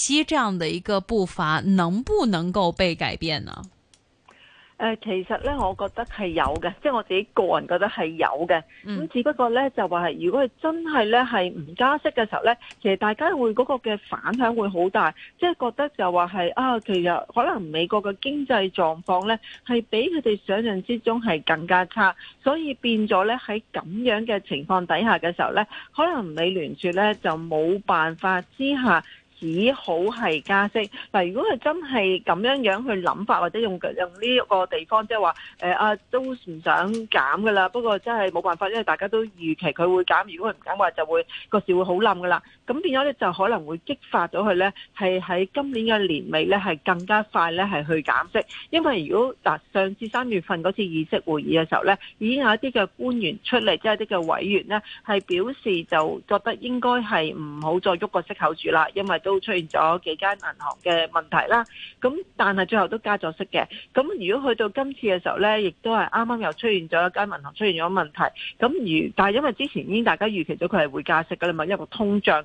息這樣的一個步伐能不能夠被改變呢？誒、呃，其實咧，我覺得係有嘅，即係我自己個人覺得係有嘅。咁、嗯、只不過咧，就話係如果係真係咧係唔加息嘅時候咧，其實大家會嗰個嘅反響會好大，即係覺得就話係啊，其實可能美國嘅經濟狀況咧係比佢哋想象之中係更加差，所以變咗咧喺咁樣嘅情況底下嘅時候咧，可能美聯儲咧就冇辦法之下。只好係加息。嗱，如果佢真係咁樣樣去諗法，或者用用呢個地方，即係話誒啊，都唔想減㗎喇。不過真係冇辦法，因為大家都預期佢會減。如果佢唔減嘅話，就會個市會好冧㗎喇。咁變咗咧，就可能會激發咗佢咧，係喺今年嘅年尾咧，係更加快咧係去減息。因為如果嗱上次三月份嗰次議息會議嘅時候咧，已經有一啲嘅官員出嚟，即係啲嘅委員呢係表示就覺得應該係唔好再喐個息口住啦，因為都出現咗幾間銀行嘅問題啦。咁但係最後都加咗息嘅。咁如果去到今次嘅時候咧，亦都係啱啱又出現咗一間銀行出現咗問題。咁如但係因為之前已經大家預期咗佢係會加息噶啦嘛，一個通脹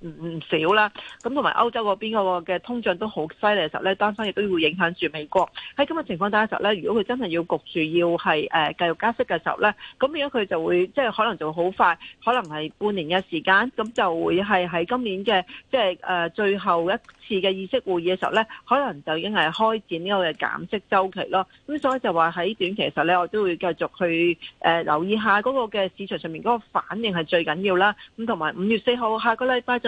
唔、嗯、唔、嗯、少啦，咁同埋歐洲嗰邊嗰個嘅通脹都好犀利嘅時候咧，單單亦都會影響住美國喺咁嘅情況底下嘅時候咧，如果佢真係要焗住要係誒繼續加息嘅時候咧，咁如果佢就會即係、就是、可能就會好快，可能係半年嘅時間，咁就會係喺今年嘅即係誒最後一次嘅議息會議嘅時候咧，可能就已經係開展呢個嘅減息周期咯。咁所以就話喺短期嘅時候咧，我都會繼續去誒、呃、留意下嗰個嘅市場上面嗰個反應係最緊要啦。咁同埋五月四號下個禮拜就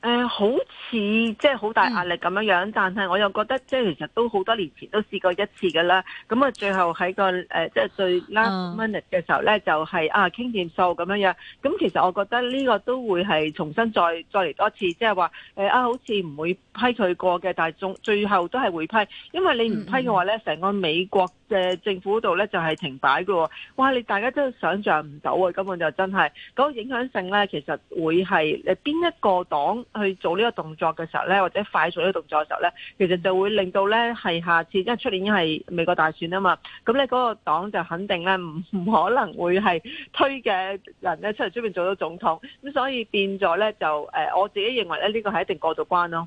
誒、呃、好似即係好大壓力咁樣樣，嗯、但係我又覺得即係其實都好多年前都試過一次㗎啦。咁、呃嗯就是、啊，最後喺個即係最 last minute 嘅時候咧，就係啊傾掂數咁樣樣。咁其實我覺得呢個都會係重新再再嚟多次，即係話啊，好似唔會批佢過嘅，但係總最後都係會批，因為你唔批嘅話咧，成、嗯、個美國嘅政府度咧就係停擺喎。哇！你大家都想象唔到啊，根本就真係嗰、嗰個影響性咧，其實會係誒邊一個黨去做呢個動作嘅時候呢，或者快做呢個動作嘅時候呢，其實就會令到呢係下次，因為出年已經係美國大選啊嘛，咁咧嗰個黨就肯定呢唔唔可能會係推嘅人呢出嚟出面做到總統，咁所以變咗呢，就誒、呃，我自己認為呢，呢、這個係一定過度關囉。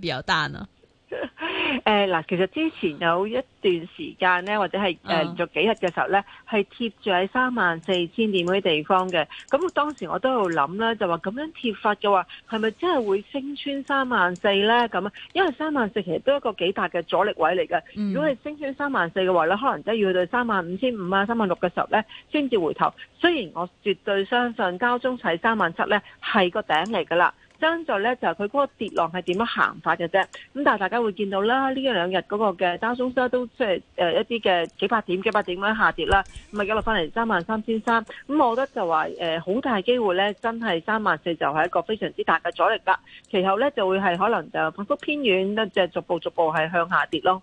比較單啊？誒嗱，其實之前有一段時間咧，或者係誒連續幾日嘅時候咧，係貼住喺三萬四千點嗰啲地方嘅。咁當時我都喺度諗咧，就話咁樣貼法嘅話，係咪真係會升穿三萬四咧？咁啊，因為三萬四其實都係一個幾大嘅阻力位嚟嘅，嗯。如果係升穿三萬四嘅話咧，可能真係要去到三萬五千五啊，三萬六嘅時候咧，先至回頭。雖然我絕對相信交中喺三萬七咧係個頂嚟噶啦。爭在咧就係佢嗰個跌浪係點樣行法嘅啫，咁但係大家會見到啦，呢一兩日嗰個嘅滲中質都即係誒一啲嘅幾百點、幾百點咁樣下跌啦，咁啊一路翻嚟三萬三千三，咁我覺得就話誒好大機會咧，真係三萬四就係一個非常之大嘅阻力喇，其後咧就會係可能就反覆偏軟一直逐步逐步係向下跌咯。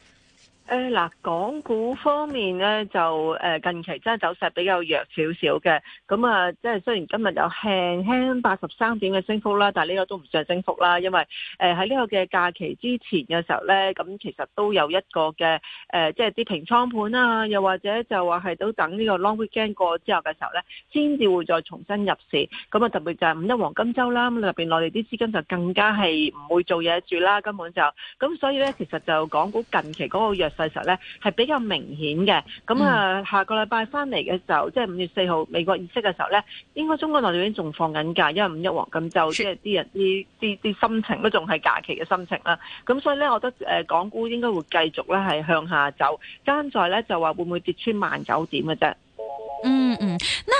誒、呃、嗱，港股方面咧就誒近期真係走勢比較弱少少嘅，咁啊即係雖然今日有輕輕八十三點嘅升幅啦，但係呢個都唔算升幅啦，因為誒喺呢個嘅假期之前嘅時候咧，咁其實都有一個嘅誒即係啲平倉盤啊，又或者就話係都等呢個 long weekend 過之後嘅時候咧，先至會再重新入市，咁啊特別就係五一黃金週啦，咁入邊內地啲資金就更加係唔會做嘢住啦，根本就。咁所以咧其實就港股近期嗰個弱。嘅時候咧，係比較明顯嘅。咁、嗯、啊，下個禮拜翻嚟嘅時候，即係五月四號美國議息嘅時候咧，應該中國內地已經仲放緊假，因為五一黃金週，即係啲人啲啲啲心情都仲係假期嘅心情啦。咁所以咧，我覺得誒，港股應該會繼續咧係向下走。爭在咧就話會唔會跌穿萬九點嘅啫？嗯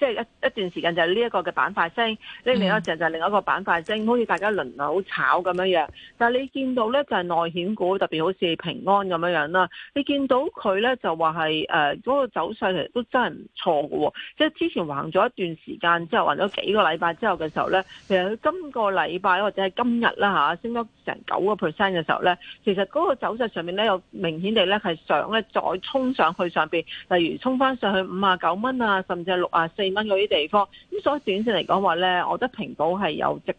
即係一一段時間就係呢一個嘅板塊升，呢、嗯、另一隻就係另一個板塊升，好似大家輪流炒咁樣樣。但係你見到咧就係內險股，特別好似平安咁樣樣啦。你見到佢咧就話係誒嗰個走勢其實都真係唔錯嘅，即、就、係、是、之前橫咗一段時間之後，橫咗幾個禮拜之後嘅時候咧，其實佢今個禮拜或者係今日啦嚇，升咗成九個 percent 嘅時候咧，其實嗰個走勢上面咧有明顯地咧係想咧再衝上去上邊，例如衝返上去五啊九蚊啊，甚至係六啊四蚊嗰啲地方，咁所以短線嚟講話咧，我覺得平保係有值的。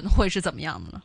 會是怎麼樣的呢？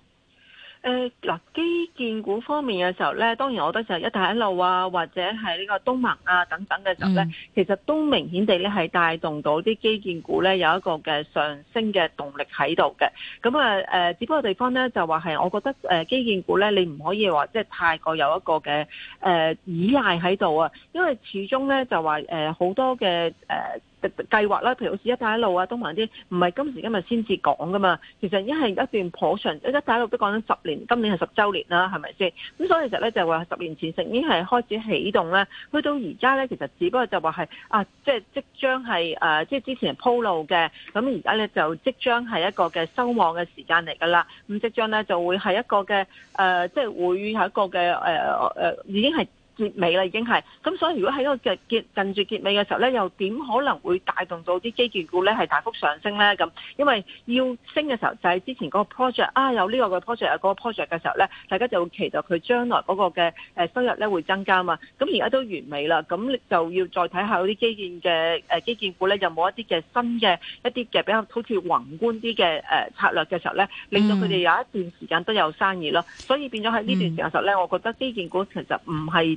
誒，嗱，基建股方面嘅時候呢，當然我覺得就係一帶一路啊，或者係呢個東盟啊等等嘅時候呢，嗯，其實都明顯地呢係帶動到啲基建股呢有一個嘅上升嘅動力喺度嘅。咁、嗯、啊、誒、呃，只不過地方呢就話係，我覺得誒、呃、基建股呢，你唔可以話即係太過有一個嘅誒、呃、依賴喺度啊，因為始終呢就話誒好多嘅誒。呃計劃啦，譬如好似一帶一路啊，東南啲唔係今時今日先至講噶嘛。其實已經係一段頗長，一帶一路都講緊十年，今年係十週年啦，係咪先？咁所以其實咧就話十年前成已經係開始起動咧，去到而家咧其實只不過就話係啊，即係即將係誒，即係之前鋪路嘅，咁而家咧就即將係一個嘅收網嘅時間嚟㗎啦。咁即將咧就會係一個嘅誒，即係會係一個嘅誒、啊啊、已經係。結尾啦，已經係咁，所以如果喺個結近住結尾嘅時候咧，又點可能會帶動到啲基建股咧係大幅上升咧咁？因為要升嘅時候就係、是、之前嗰個 project 啊，有呢個嘅 project 有嗰個 project 嘅時候咧，大家就會期待佢將來嗰個嘅誒收入咧會增加嘛。咁而家都完美啦，咁就要再睇下嗰啲基建嘅、呃、基建股咧有冇一啲嘅新嘅一啲嘅比較好似宏觀啲嘅、呃、策略嘅時候咧，令到佢哋有一段時間都有生意咯。所以變咗喺呢段時間時候咧，我覺得基建股其實唔係。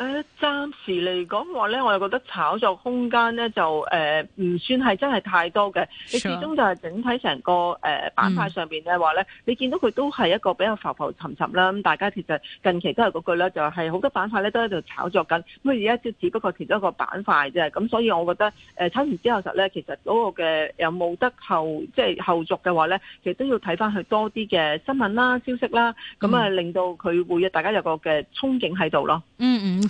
誒、uh, 暫時嚟講話咧，我又覺得炒作空間咧就誒唔、呃、算係真係太多嘅。Sure. 你始終就係整體成個誒板、呃、塊上面呢話咧，mm. 你見到佢都係一個比較浮浮沉沉啦。咁大家其實近期都係嗰句啦就係、是、好多板塊咧都喺度炒作緊。咁而家只不過其中一個板塊啫。咁所以我覺得誒炒完之後實咧，其實嗰個嘅有冇得後即係後續嘅話咧，其實都要睇翻佢多啲嘅新聞啦、消息啦，咁、mm. 啊令到佢會大家有個嘅憧憬喺度咯。嗯嗯。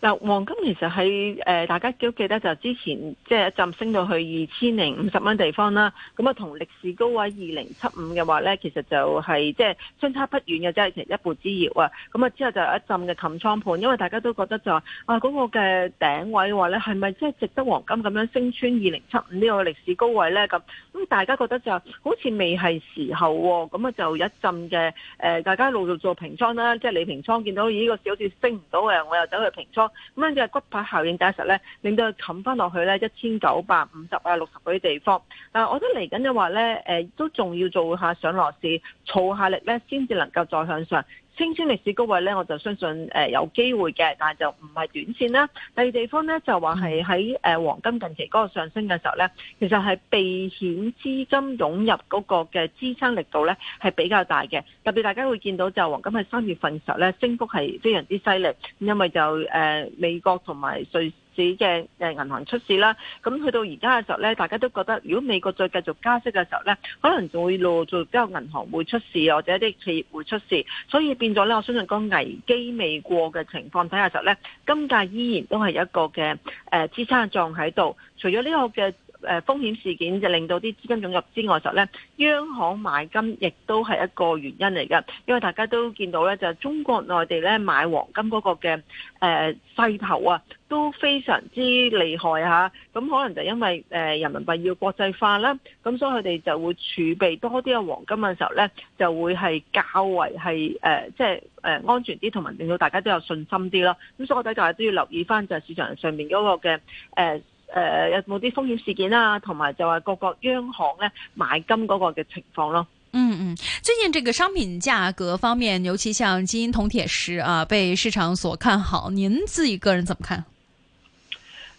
嗱，黃金其實喺誒，大家記唔記得就之前即係、就是、一陣升到去二千零五十蚊地方啦。咁啊，同歷史高位二零七五嘅話咧，其實就係即係相差不遠嘅啫，其、就、實、是、一步之遙啊。咁啊，之後就有一陣嘅冚倉盤，因為大家都覺得就話、是、啊嗰、那個嘅頂位嘅話咧，係咪即係值得黃金咁樣升穿二零七五呢個歷史高位咧？咁咁大家覺得就是、好似未係時候喎、哦。咁啊，就一陣嘅誒，大家陸續做平倉啦，即、就、係、是、你平倉見到呢個市好似升唔到嘅，我又走去平倉。咁樣嘅骨牌效應，大實咧，令到佢冚翻落去咧一千九百五十啊、六十嗰啲地方。但係我覺得嚟緊嘅話咧，誒、呃、都仲要做下上落市，儲下力咧，先至能夠再向上。青穿歷史高位咧，我就相信、呃、有機會嘅，但就唔係短線啦。第二地方咧就話係喺誒黃金近期嗰個上升嘅時候咧，其實係避險資金湧入嗰個嘅支撐力度咧係比較大嘅。特別大家會見到就黃金喺三月份嘅時候咧升幅係非常之犀利，因為就誒、呃、美國同埋瑞士。市嘅誒銀行出事啦，咁去到而家嘅時候咧，大家都覺得如果美國再繼續加息嘅時候咧，可能仲會落，再之後銀行會出事，或者一啲企業會出事，所以變咗咧，我相信個危機未過嘅情況底下嘅時候咧，金價依然都係一個嘅誒、呃、支撐狀喺度，除咗呢個嘅。誒風險事件就令到啲資金湧入之外，時候咧，央行買金亦都係一個原因嚟噶。因為大家都見到咧，就係中國內地咧買黃金嗰個嘅誒勢頭啊，都非常之厲害吓。咁可能就因為誒、呃、人民幣要國際化啦，咁所以佢哋就會儲備多啲嘅黃金嘅時候咧，就會係較為係誒即係安全啲，同埋令到大家都有信心啲咯。咁所以我哋就係都要留意翻就係、係、市場上面嗰個嘅誒。呃誒、呃，有冇啲風險事件啊？同埋就係各個央行咧買金嗰個嘅情況咯。嗯嗯，最近這個商品價格方面，尤其像金、銅、鐵、石啊，被市場所看好，您自己個人怎麼看？誒、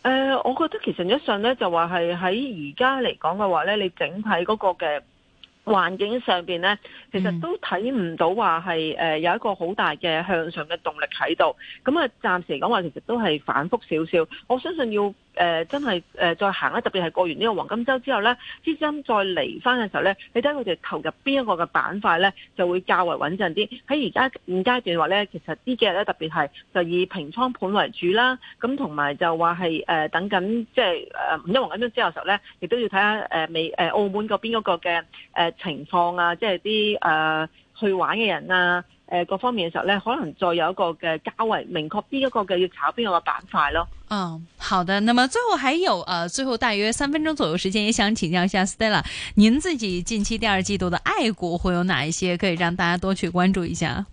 呃，我覺得其實一上咧，就話係喺而家嚟講嘅話咧，你整體嗰個嘅環境上邊咧，其實都睇唔到話係誒有一個好大嘅向上嘅動力喺度。咁啊，暫時嚟講話，其實都係反復少少。我相信要。誒、呃、真係誒、呃、再行啦特別係過完呢個黃金周之後咧，資金再嚟翻嘅時候咧，你睇佢哋投入邊一個嘅板塊咧，就會較為穩陣啲。喺而家現階段話咧，其實幾呢幾日咧，特別係就以平倉盤為主啦。咁同埋就話係誒等緊，即係誒五一黃金周之後嘅時候咧，亦都要睇下誒未誒澳門嗰邊嗰個嘅情況啊，即係啲誒去玩嘅人啊，誒、呃、各方面嘅時候咧，可能再有一個嘅較為，明確邊一個嘅要炒邊個嘅板塊咯。嗯、哦，好的，那麼最後還有，呃、啊，最後大約三分鐘左右時間，也想請教一下 Stella，您自己近期第二季度的愛國會有哪一些可以讓大家多去關注一下？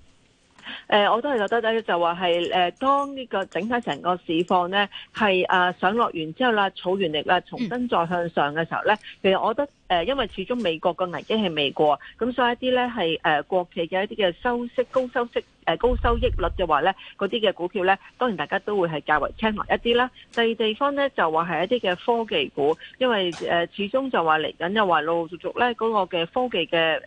誒、呃，我都係覺得咧，就話係誒，當呢個整體成個市況呢，係誒、啊、上落完之後啦，儲完力啦，重新再向上嘅時候呢、嗯。其實我覺得誒、呃，因為始終美國嘅危機係未過，咁所以一啲呢係誒、呃、國企嘅一啲嘅收息，高收息。誒高收益率嘅話咧，嗰啲嘅股票咧，當然大家都會係較為聽埋一啲啦。第二地方咧就話係一啲嘅科技股，因為誒、呃、始終就話嚟緊又話陸陸續續咧，嗰、那個嘅科技嘅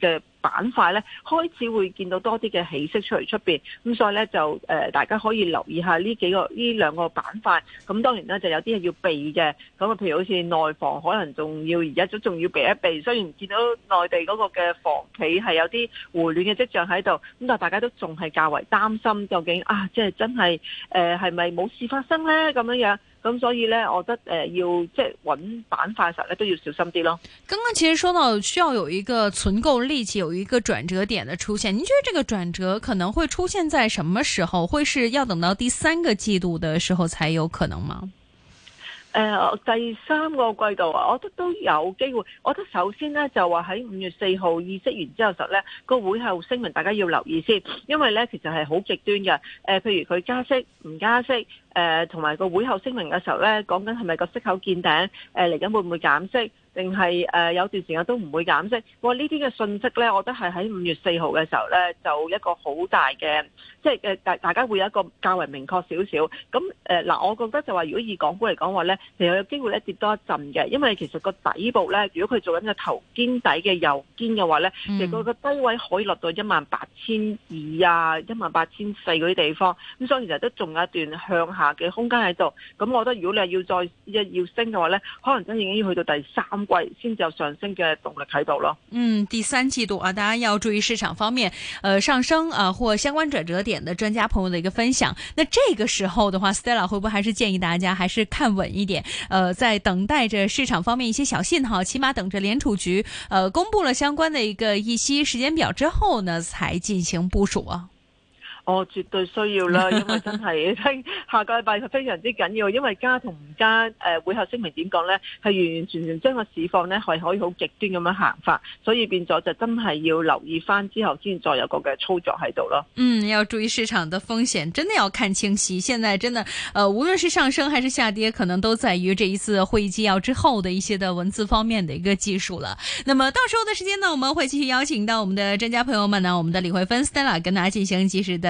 誒嘅板塊咧，開始會見到多啲嘅起色出嚟出面。咁所以咧就誒、呃、大家可以留意下呢幾個呢兩個板塊。咁當然呢，就有啲係要避嘅。咁啊，譬如好似內房可能仲要而家都仲要避一避。雖然見到內地嗰個嘅房企係有啲回暖嘅跡象喺度，咁但係大家都，仲係較為擔心究竟啊，即係真係誒，係咪冇事發生呢咁樣樣？咁所以咧，我覺得誒、呃、要即係揾板塊時咧都要小心啲咯。剛剛其實說到需要有一個存購利差，有一個轉折點的出現，你覺得這個轉折可能會出現在什麼時候？會是要等到第三個季度的時候才有可能嗎？誒、呃，第三個季度，我覺得都有機會。我覺得首先咧就話喺五月四號議息完之後，時候呢後呢實咧、呃呃、個會後聲明，大家要留意先，因為咧其實係好極端嘅。誒，譬如佢加息唔加息，誒，同埋個會後聲明嘅時候咧，講緊係咪個息口見頂？誒、呃，嚟緊會唔會減息？定係誒有段時間都唔會減息。我呢啲嘅訊息咧，我覺得係喺五月四號嘅時候咧，就一個好大嘅，即係大大家會有一個較為明確少少。咁誒嗱，我覺得就話如果以港股嚟講話咧，其實有機會咧跌多一陣嘅，因為其實個底部咧，如果佢做緊個頭肩底嘅右肩嘅話咧，嗯，其實個低位可以落到一萬八千二啊，一萬八千四嗰啲地方。咁所以其實都仲有一段向下嘅空間喺度。咁我覺得如果你係要再一要，要升嘅話咧，可能真係已經要去到第三。貴先就上升嘅動力喺度咯。嗯，第三季度啊，大家要注意市場方面，呃，上升啊或相關轉折點嘅專家朋友嘅一個分享。那這個時候嘅話，Stella 會不會還是建議大家還是看穩一點？呃，在等待着市場方面一些小信號，起碼等着聯儲局，呃，公布了相關嘅一個議息時間表之後呢，才進行部署啊。我、哦、絕對需要啦，因為真係聽 下個禮拜係非常之緊要，因為加同唔加誒會後聲明點講呢？係完完全全將個市況呢，係可以好極端咁樣行法，所以變咗就真係要留意翻之後先再有個嘅操作喺度咯。嗯，要注意市場的風險，真的要看清晰。現在真的，呃，無論是上升還是下跌，可能都在於這一次會議紀要之後的一些的文字方面的一個技術啦。那麼到時候嘅時間呢，我們會繼續邀請到我們的專家朋友們呢，我們的李慧芬 Stella 跟大家進行即時的。